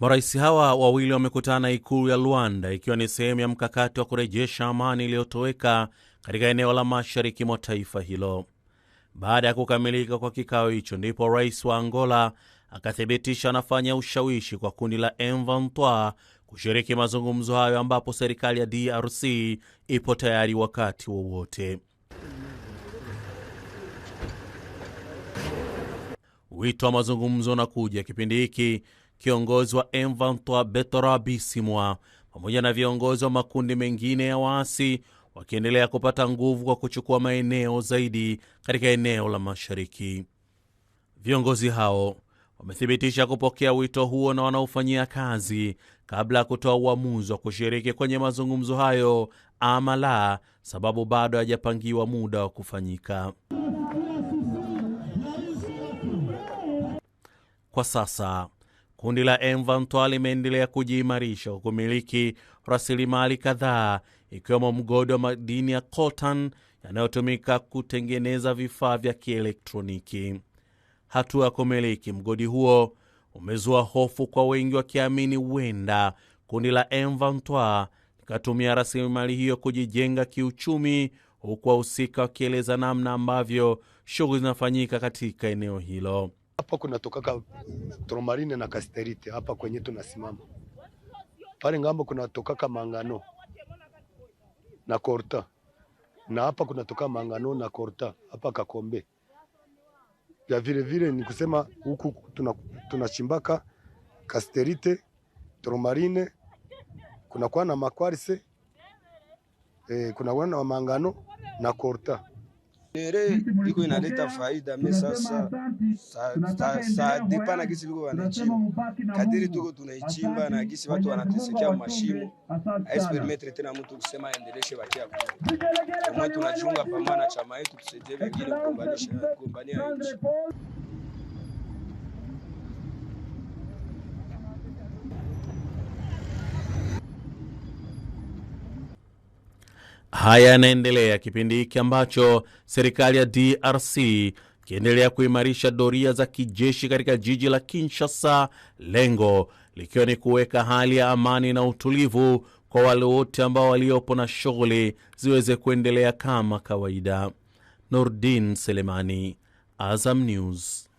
Marais hawa wawili wamekutana ikulu ya Luanda ikiwa ni sehemu ya mkakati wa kurejesha amani iliyotoweka katika eneo la mashariki mwa taifa hilo. Baada ya kukamilika kwa kikao hicho, ndipo rais wa Angola akathibitisha anafanya ushawishi kwa kundi la M23 kushiriki mazungumzo hayo, ambapo serikali ya DRC ipo tayari wakati wowote wa Wito wa mazungumzo unakuja kipindi hiki kiongozi wa M23 Bertrand Bisimwa pamoja na viongozi wa makundi mengine ya waasi wakiendelea kupata nguvu kwa kuchukua maeneo zaidi katika eneo la mashariki. Viongozi hao wamethibitisha kupokea wito huo na wanaofanyia kazi kabla ya kutoa uamuzi wa kushiriki kwenye mazungumzo hayo ama la, sababu bado hajapangiwa muda wa kufanyika. Kwa sasa Kundi la M23 limeendelea kujiimarisha kumiliki rasilimali kadhaa ikiwemo mgodi wa madini ya coltan yanayotumika kutengeneza vifaa vya kielektroniki. Hatua ya kumiliki mgodi huo umezua hofu kwa wengi, wakiamini huenda kundi la M23 likatumia rasilimali hiyo kujijenga kiuchumi, huku wahusika wakieleza namna ambavyo shughuli zinafanyika katika eneo hilo. Hapa kunatokaka tromarine na kasterite, hapa kwenye tunasimama pale ngambo kunatokaka mangano na korta, na hapa kunatoka mangano na korta hapa Kakombe ya vile vile, ni kusema huku tunachimbaka tuna kasterite, tromarine, kunakuwa na makwarse eh, kunakuwa na mangano na korta nere iko inaleta faida me sasa na gisi viko wanachimba kadiri tuko tunaichimba na gisi watu wanatesekea mashimo, aisipermetre tena mtu kusema endeleshe wakia kama tunachunga pamoja na chama yetu, tusaidie wengine kugombania nchi. Haya yanaendelea kipindi hiki ambacho serikali ya DRC ikiendelea kuimarisha doria za kijeshi katika jiji la Kinshasa, lengo likiwa ni kuweka hali ya amani na utulivu kwa wale wote ambao waliopo na shughuli ziweze kuendelea kama kawaida. Nordin Selemani, Azam News.